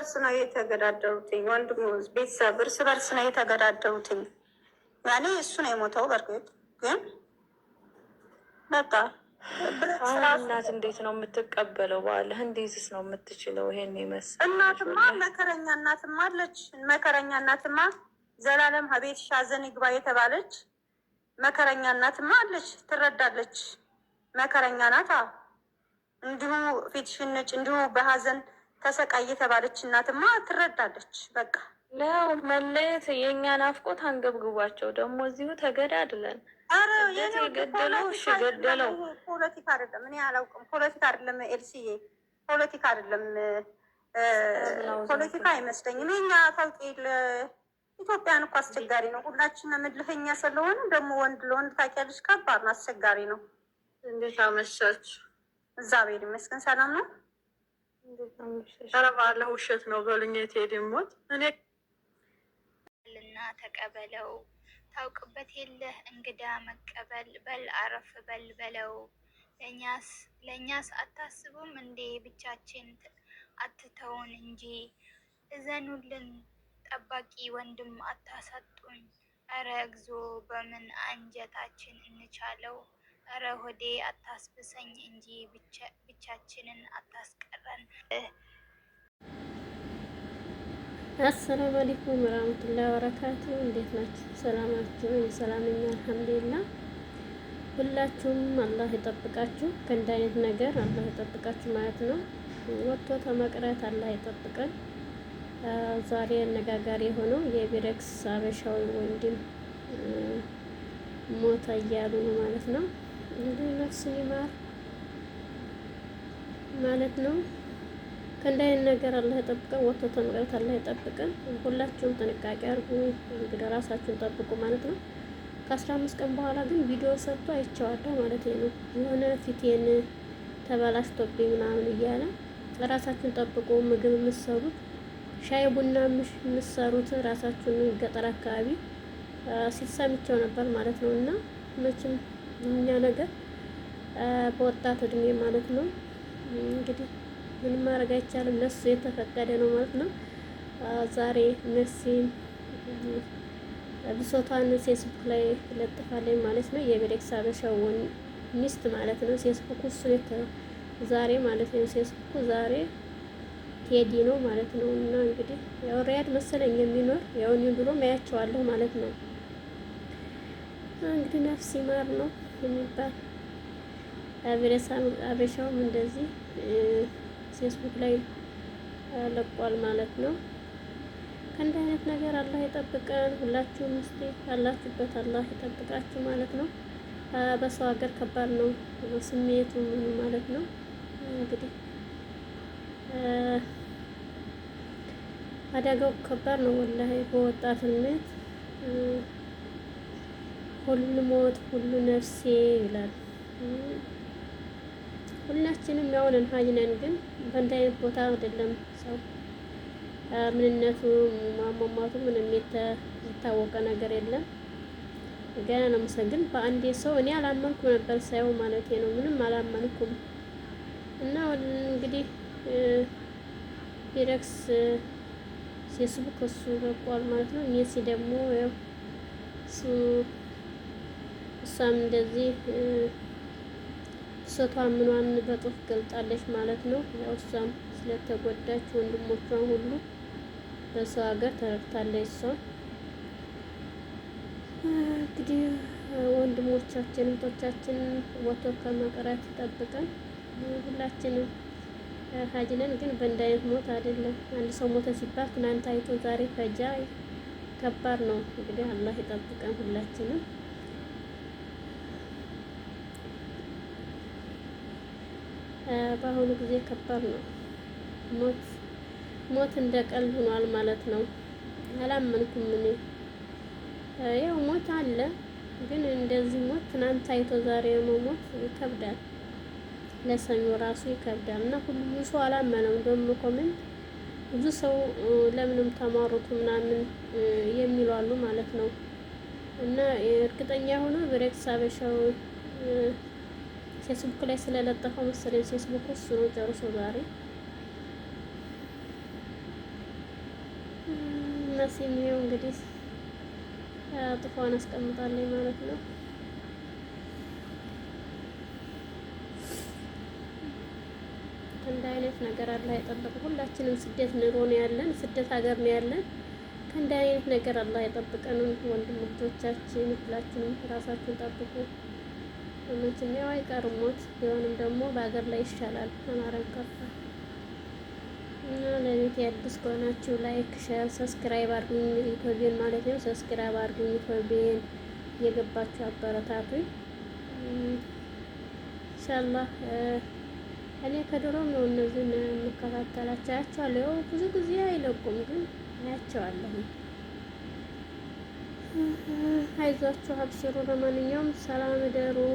እርስ ነው የተገዳደሩትኝ። ወንድሙ ቤተሰብ እርስ በርስ ነው የተገዳደሩትኝ። ያኔ እሱ ነው የሞተው። በእርግጥ ግን በቃ እናት እንዴት ነው የምትቀበለው? ባለህ እንዴትስ ነው የምትችለው? ይሄን ይመስል እናትማ መከረኛ እናትማ አለች። መከረኛ እናትማ ዘላለም ሀቤት ሻዘን ይግባ የተባለች መከረኛ እናትማ አለች። ትረዳለች። መከረኛ ናት። እንዲሁ ፊትሽን ነጭ እንዲሁ በሀዘን ተሰቃይ የተባለች እናትማ ትረዳለች። በቃ ያው መለየት የእኛ ናፍቆት አንገብግቧቸው ደግሞ እዚሁ ተገዳድለን ገደለው እሺ ገደለው። ፖለቲካ አይደለም እኔ አላውቅም። ፖለቲካ አይደለም ኤልሲዬ፣ ፖለቲካ አይደለም ፖለቲካ አይመስለኝም። የኛ ታውቂ ኢትዮጵያን እኮ አስቸጋሪ ነው። ሁላችን እልኸኛ ስለሆነ ደግሞ ወንድ ለወንድ ታውቂያለሽ፣ ከባድ ነው፣ አስቸጋሪ ነው። እንዴት አመሻችሁ? እግዚአብሔር ይመስገን ሰላም ነው። ኧረ ውሸት ነው በሉኝ። የቴዲ ሞት እኔ ልና ተቀበለው ታውቅበት የለህ እንግዳ መቀበል በል አረፍ በል በለው። ለእኛስ አታስቡም እንዴ ብቻችን አትተውን እንጂ እዘኑልን ጠባቂ ወንድም አታሳጡን። እረ እግዚኦ በምን አንጀታችን እንቻለው እረ ሆዴ አታስብሰኝ እንጂ ብቻችንን አታስቀረን። አሰላሙ አለይኩም ወራህመቱላሂ ወበረካቱ። እንዴት ናችሁ? ሰላማችሁ? ሰላም ነኝ ሁላችሁም አላህ ይጠብቃችሁ፣ ከእንደ አይነት ነገር አላህ ይጠብቃችሁ ማለት ነው። ወጥቶ ተመቅረት አላህ ይጠብቀን። ዛሬ አነጋጋሪ የሆነው የቢረክስ አበሻዊ ወንድም ሞተ እያሉ ነው ማለት ነው። እንግዲህ ነፍስ ይማር ማለት ነው። ከእንዲህ ነገር አላህ ይጠብቀን። ወጥቶ ተመቅረት አላህ ይጠብቀን። ሁላችሁም ጥንቃቄ አድርጉ። እንግዲህ ራሳችሁን ጠብቁ ማለት ነው። ከአስራ አምስት ቀን በኋላ ግን ቪዲዮ ሰጥቶ አይቼዋለሁ ማለት ነው። የሆነ ፊቴን ተበላሽቶብኝ ምናምን እያለ ራሳችሁን ጠብቁ። ምግብ የምትሰሩት ሻይ ቡና የምትሰሩት ራሳችሁን ገጠር አካባቢ ሲሰምቸው ነበር ማለት ነው እና መቼም እኛ ነገር በወጣት እድሜ ማለት ነው። እንግዲህ ምንም ማድረግ አይቻልም። ለሱ የተፈቀደ ነው ማለት ነው። ዛሬ መሲም ብሶቷን ፌስቡክ ላይ ለጥፋለኝ ማለት ነው። የቤሌክስ አበሻውን ሚስት ማለት ነው። ፌስቡክ እሱ ዛሬ ማለት ነው። ፌስቡክ ዛሬ ቴዲ ነው ማለት ነው። እና እንግዲህ ያው ሪያድ መሰለኝ የሚኖር ያው እኔ ድሮ ማያቸዋለሁ ማለት ነው። እንግዲህ ነፍስ ይማር ነው። የሚባል አበሻውም እንደዚህ ፌስቡክ ላይ ለቋል ማለት ነው። ከእንዲህ አይነት ነገር አላህ ይጠብቀን። ሁላችሁም እስቲ ካላችሁበት አላህ ይጠብቃችሁ ማለት ነው። በሰው ሀገር ከባድ ነው ስሜቱ ማለት ነው። እንግዲህ አደጋው ከባድ ነው ወላሂ በወጣትነት ሁሉ ሞት ሁሉ ነፍሴ ይላል። ሁላችንም ያው ነን ሀይ ነን፣ ግን በእንዲህ አይነት ቦታ አይደለም ሰው ምንነቱ ማሟሟቱ ምንም የታወቀ ነገር የለም። ገና ነው መሰግን በአንዴ ሰው እኔ አላመንኩም ነበር ሳይው ማለት ነው። ምንም አላመንኩም እና እንግዲህ ዲረክስ ፌስቡክ እሱ ለቋል ማለት ነው። ሜሲ ደግሞ ያው እሱ እሷም እንደዚህ ሰቷ ምኗን በጡፍ ገልጣለች ማለት ነው። ያው እሷም ስለተጎዳች ወንድሞቿን ሁሉ በሰው ሀገር ተረድታለች። እሷ እንግዲህ ወንድሞቻችን እህቶቻችን ወቶ ከመቅረት ይጠብቀን። ሁላችንም ሀጅነን ግን በእንድ አይነት ሞት አይደለም። አንድ ሰው ሞተ ሲባል ትናንት አይቶ ዛሬ ፈጃ ከባድ ነው። እንግዲህ አላህ ይጠብቀን ሁላችንም። በአሁኑ ጊዜ ከባድ ነው። ሞት ሞት እንደ ቀልድ ሆኗል ማለት ነው። አላመንኩም እኔ ያው ሞት አለ፣ ግን እንደዚህ ሞት ትናንት አይቶ ዛሬ መሞት ይከብዳል። ለሰኞ ራሱ ይከብዳል እና ሁሉ ሰው አላመነው። እንደውም ኮሜንት ብዙ ሰው ለምንም ተማሩት ምናምን የሚሉ አሉ ማለት ነው እና እርግጠኛ ሆኖ ብሬክስ አበሻው ፌስቡክ ላይ ስለለጠፈው መሰለኝ ፌስቡክ እሱ ነው ጨርሶ ዛሬ እነሱ እንግዲህ ጥፏን አስቀምጣለኝ ማለት ነው። ከእንደ አይነት ነገር አላህ ይጠብቅ። ሁላችንም ስደት ኑሮ ነው ያለን፣ ስደት ሀገር ነው ያለን። ከእንደ አይነት ነገር አላህ አይጠብቀንም ወንድሞቻችን፣ ሁላችንም ራሳችሁን ጠብቁ። መቼም አይቀርም ሞት ቢሆንም ደግሞ በሀገር ላይ ይሻላል አማረን ከፋ እና ለቤት አዲስ ከሆናችሁ ላይክ፣ ሸር፣ ሰብስክራይብ አድርጉኝ ዩቲዩብን ማለት ነው። ሰብስክራይብ አድርጉኝ ዩቲዩብን እየገባችሁ አበረታቱኝ ኢንሻአላህ። እኔ ከድሮም ነው እነዚህን የምከታተላቸው አያቸዋለሁ። ብዙ ጊዜ አይለቁም ግን አያቸዋለሁ። حایزه تصحی بسر رمضان یوم سلام ادرو